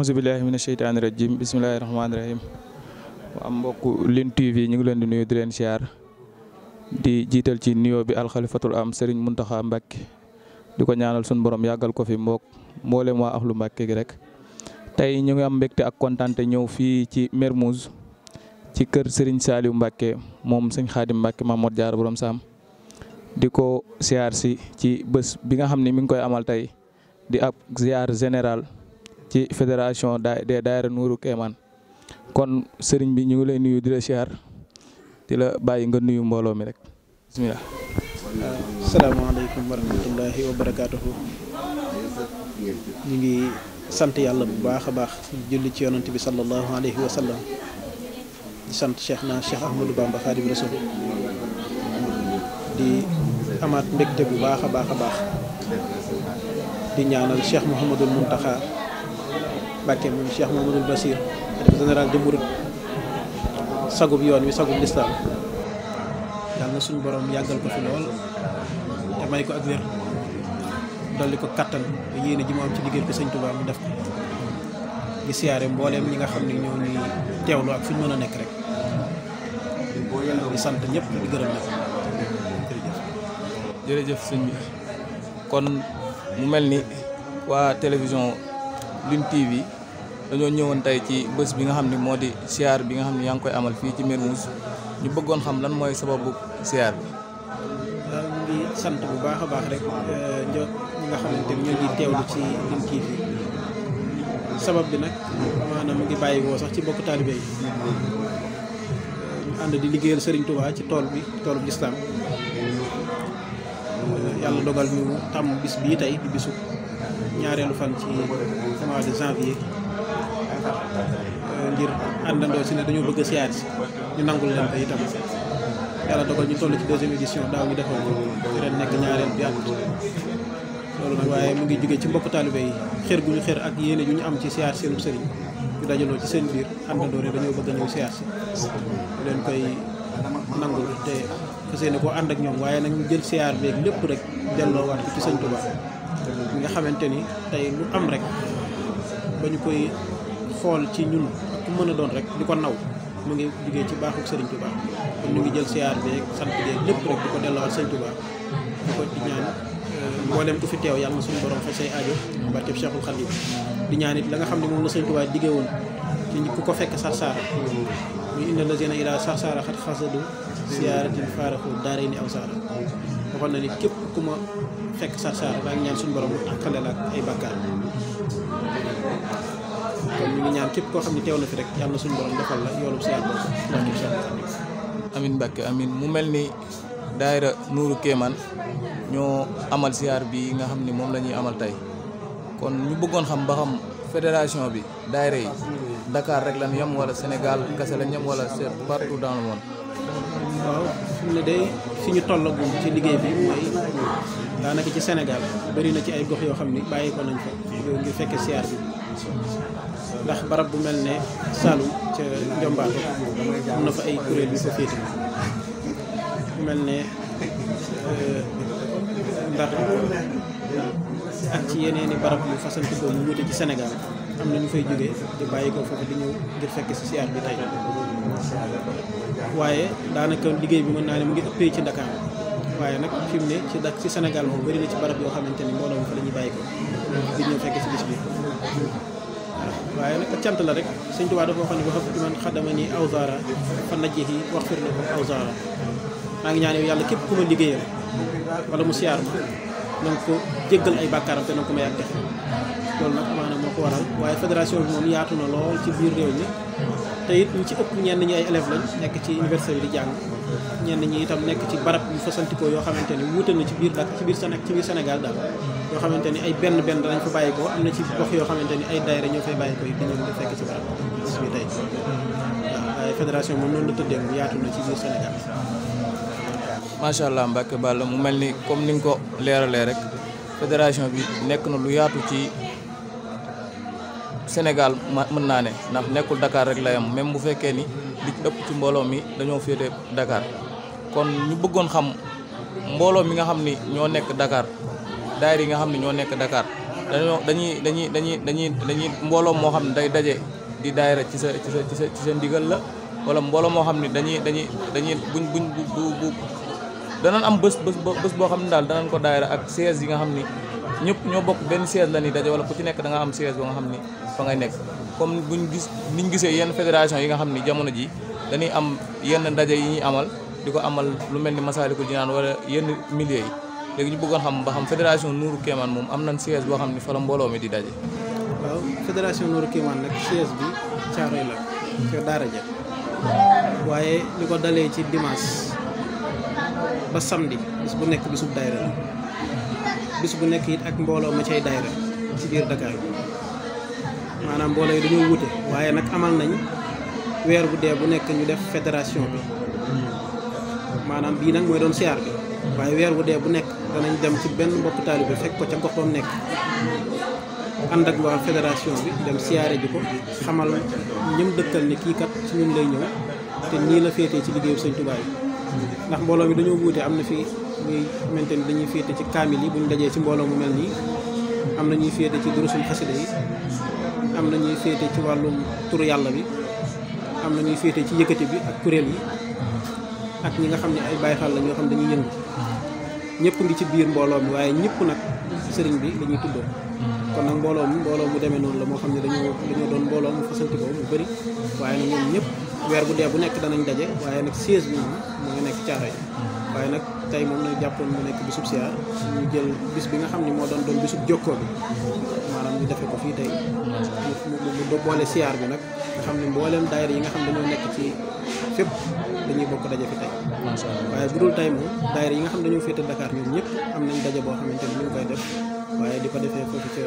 auzu billahi minash shaytanir rajim bismillahir rahmanir am mbokk Lune TV ñu ngi leen di nuyu di leen siyaar di jiital ci nuyoo bi alxalifatul am Serigne Mountakha Mbacké di ko ñaanal suñu borom yàggal ko fi mbook mboolem waa axlu Mbacké gi rek tey ñu ngi am mbégte ak kontante ñëw fii ci Mermoz ci kër Serigne Saliou Mbacké moom Serigne Khadim Mbacké Mamour Diarra borom Sam Diko ko si ci bés bi nga xam mi ngi koy amal tey di ab ziar general. ci fédération des daayira Nuuru Kéemaan kon sëriñ bi ñu ngi lay nuyu di la siyaar di la bàyyi nga nuyu mbooloo mi rek bisimilah. salaamaaleykum wa rahmatullahi ñu ngi sant yàlla bu baax a baax julli ci yonent bi sallallahu alayhi wa sallam di sant cheikh na cheikh ahmadou bamba xaadim di amaat mbégte bu baax a baax a baax di ñaanal cheikh mouhamadul muntaxa Mbacke moom Cheikh Mamadou Bassir xalifa général de Mouride yoon wi sagub lislaam yàlla na suñu borom yàggal ko fi lool te may ko ko kattan yéene ji mu ci liggéey ko sëñ Touba mu ñi nga xam ne ñoo ñuy mën a nekk rek sant ñëpp di gërëm ñëpp jërëjëf. mel ni waa télévision Lune TV. dañoo ñëwoon tey ci bés bi nga xam ne moo di siyaar bi nga xam ne yaa ngi koy amal fii ci Mermoz ñu bëggoon xam lan mooy sababu siyaar bi. waaw ñu ngi sant bu baax a baax rek euh, ñi nga xamante teewlu ci liñ kii fi sabab bi nag maanaam mu ngi bàyyi woo sax ci bokk taalibe yi ànd di liggéeyal sëriñ Touba ci tool bi toolu lislaam euh, yàlla dogal ñu tàmm bis bii tey di bisu ñaareelu fan ci mois de janvier. Euh, ngir àndandoo si ne dañoo bëgg a siyaar si ñu nangul leen ko itam yàlla dogal ñu toll ci deuxième édition daaw ñu defal ko ren nekk ñaareel bi at loolu nag waaye mu ngi jóge ci mbokk taalibe yi xër gu ñu xër ak yéene yu ñu am ci siyaar seenu sëriñ ñu dajaloo ci seen biir àndandoo ne dañoo bëgg a ñëw siyaar si ñu leen koy nangul te fas yéene koo ànd ak ñoom waaye nag ñu jël siyaar beeg lépp rek delloo waat ko ci sëñ Tuubaa mi nga xamante ni tey lu xool ci ñun ku mën a doon rek di ko naw mu ngi jugee ci baaxu Sëriñ Touba kon ngi jël siyaar bi ak sant bi lépp rek di ko delloo Sëriñ Touba di ko di ñaan euh, mboolem ku fi teew yàlla na suñu borom faj say aajo barkeb Cheikhul Khadim di ñaan it nga xam ne moom la Sëriñ Touba diggee woon ku ko fekk Sarsara ñu indi la seen ila Sarsara xat xasadu siyaaratin faaraxu daaray ni aw saara waxoon na ni képp ku ma fekk Sarsara daa ngi ñaan suñu borom àqale la ak ay bàkkaar kon ñu ngi ñaan képp koo xam ne teew na fi rek yàlla suñu borom defal la yoolub siyaar boobu ndax mu mel ni daayira Nuuru Kéemaan ñoo amal siyaar bi nga xam ne moom lañuy amal tey kon ñu bëggoon xam ba xam fédération bi daayira yi Dakar rek lañ yam wala Sénégal kese lañ yem wala seet partout dans le monde. waaw fi ne de fi ñu tollagum ci liggéey bi mooy daanaka ci Sénégal bari na ci ay gox yoo xam ni bàyyi ko nañ fa ngir fekke siyaar bi. ndax barab bu mel ne Saloum ca Njombaat am na fa ay kuréel yu ko féete bu mel ne euh, Ndar ak ci yeneeni barab yu fasanti ko mu wute ci Sénégal am na ñu fay jógee di bàyyi foofu di ñëw ngir fekk si siyaar bi tey waaye daanaka liggéey bi mën naa ne mu ngi ëppee ci Dakar waaye nag fi ne ci dak ci Sénégal moom bari na ci barab yoo xamante ni mbooloo fa la ñuy bàyyi ko di ñëw fekk si bis bi waaye nag cant la rek sëñ Tuubaa dafa waxoon ne ba xam man xadama ni aw zaara fa najji yi wax fir na ko aw maa ngi ñaan yow yàlla képp ku ma liggéeyal wala mu siyaar ma na nga ko jéggal ay bàkkaaram te na ko may ak def loolu nag amaana moo ko waral waaye fédération bi moom yaatu na lool ci biir réew mi te it ci ëpp ñenn ñi ay élèves lañ nekk ci université di jàng ñenn ñi itam nekk ci barab yu fasantikoo yoo xamante ni wuute na ci biir Dakar ci biir Sénégal ci biir Sénégal daal yoo xamante ni ay benn benn danañ fa bàyyi ko am na ci gox yoo xamante ni ay daayira ñoo fay bàyyi ko yi di ñëw di fekk ci barab bis bi tey waaw waaye fédération moom noonu tëddee mu yaatu na ci biir Sénégal macha allah Mbacke Balla mu mel ni comme ni nga ko leeralee rek fédération bi nekk na lu yaatu ci Senegal mën naa ne ndax Dakar rek la yam même bu fekkee ni li ëpp ci mbooloo mi Dakar kon ñu bëggoon xam mbooloo mi nga xam ni ñoo Dakar daayira yi nga xam ni ñoo Dakar Dan dañuy dañuy dañuy dañuy dañuy mbooloo moo xam day daje di daayira ci sa ci sa ci sa ci sa ndigal la wala mbooloo moo xam bun, dañuy dañuy dañuy buñ buñ bu bu danañ am bus, bés bés boo xam ne daal danañ ko daayira ak siège yi nga ñëpp ñoo bokk benn siège la ni daje wala ku ci nekk da nga am siège ba nga xam ni fa ngay nekk comme buñ gis niñ gisee yenn fédération yi nga xam ni jamono ji dañuy am yenn ndaje yi ñuy amal di ko amal lu mel ni Masaalikul Jinaan wala yenn milliers yi léegi ñu bëggoon xam ba xam fédération Nourou Kémane moom am nañ siège boo xam ni fa la mbooloo mi di daje waaw fédération Nourou Kémane nag siège bi caaroy la ca daara ja waaye li ko dalee ci dimanche ba samedi bis bu nekk bisub daayira la bis bu nekk yi ak mbooloo ma cay daayra ci biir Dakar maanaam mbooloo yi dañoo wute waaye nag amal nañ weer bu dee bu nekk ñu def fédération bi maanaam bii nag mooy doon siyaar bi waaye weer bu dee bu nekk danañ dem ci benn mbokk bi fekk ko ca gox ba nekk ànd ak waa fédération bi dem siyaare ji ko xamal ñëm dëkkal ni kii kat ci ñun lay ñëw te nii la féetee ci liggéeyu Sëñ Tuubaa yi ndax mbooloo mi dañoo wuute am na fii muy xamante ni dañuy féete ci kaamil yi bu dajee ci mbooloo mu mel nii am na ñuy féete ci durusul xasida yi am na ñuy féete ci wàllum turu yàlla bi am na ñuy féete ci yëkkati bi ak kuréel yi ak ñi nga xam ne ay Baay Faal la ñoo xam dañuy yëngu ñëpp ngi ci biir mbooloo mi waaye ñëpp nag sëriñ bi la ñuy tuddoo kon nag mbooloo mi mbooloo mu demee noonu la moo xam ne dañoo dañoo doon mbooloo mu fasantikoo mu bari waaye nag ñoom ñëpp weer bu dee bu nekk danañ daje waaye nag siège bi moom mu ngi nekk caaxaan waaye nag tey moom ñu jàppoon mu nekk bisub siyaar ñu jël bis bi nga xam ni moo doon doon bisub jokkoo bi maanaam ñu defee ko fii tey mu boole siyaar bi nag nga xam ne mbooleem daayira yi nga xam ne dañoo nekk ci fépp dañuy bokk daje fi tey waaye bu dul tey moom daayira yi nga xam ne dañoo féete Dakar ñoom ñëpp am nañ daje boo xamante ni ñu ngi koy def waaye di ko defee foofu ca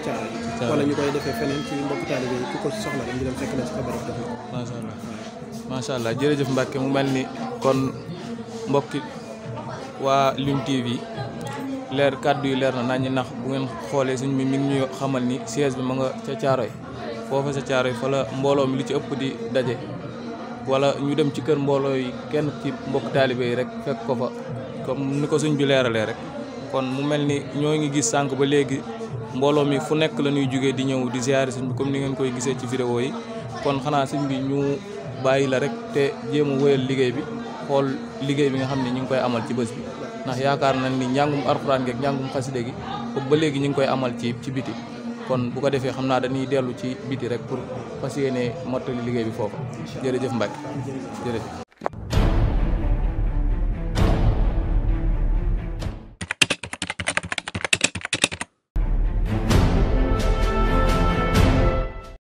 caara wala ñu koy defee feneen ci mbokk taalibe ku ko soxla rek ñu dem fekk la ci fa barab def na allah macha allah jërëjëf mbàkke mu mel ni kon mbokki waa Lune TV leer kàddu yi leer na nañu nax bu ngeen xoolee suñ mi mi ngi ñu xamal ni siège bi ma nga ca caaroy foofa sa caaroy fa la mbooloo mi li ci ëpp di daje wala ñu dem ci kër mbooloo yi kenn ci mbokk taalibe yi rek fekk ko fa comme ni ko suñ bi leeralee rek kon mu mel ni ñoo ngi gis sànq ba léegi mbooloo mi fu nekk la ñuy jugee di ñëw di ziare sëñ bi comme ni ngeen koy gisee ci vidéo yi kon xanaa sëñ bi ñu bàyyi la rek te jéem a liggéey bi xool liggéey bi nga xam ne ñu ngi koy amal ci bés bi ndax yaakaar nañ ni njàngum arxuraan gi ak njàngum xaside gi foofu ba léegi ñu ngi koy amal ci ci biti kon bu ko defee xam naa dañuy dellu ci biti rek pour fas yéene mottali liggéey bi foofu jërëjëf Mbacke jërëjëf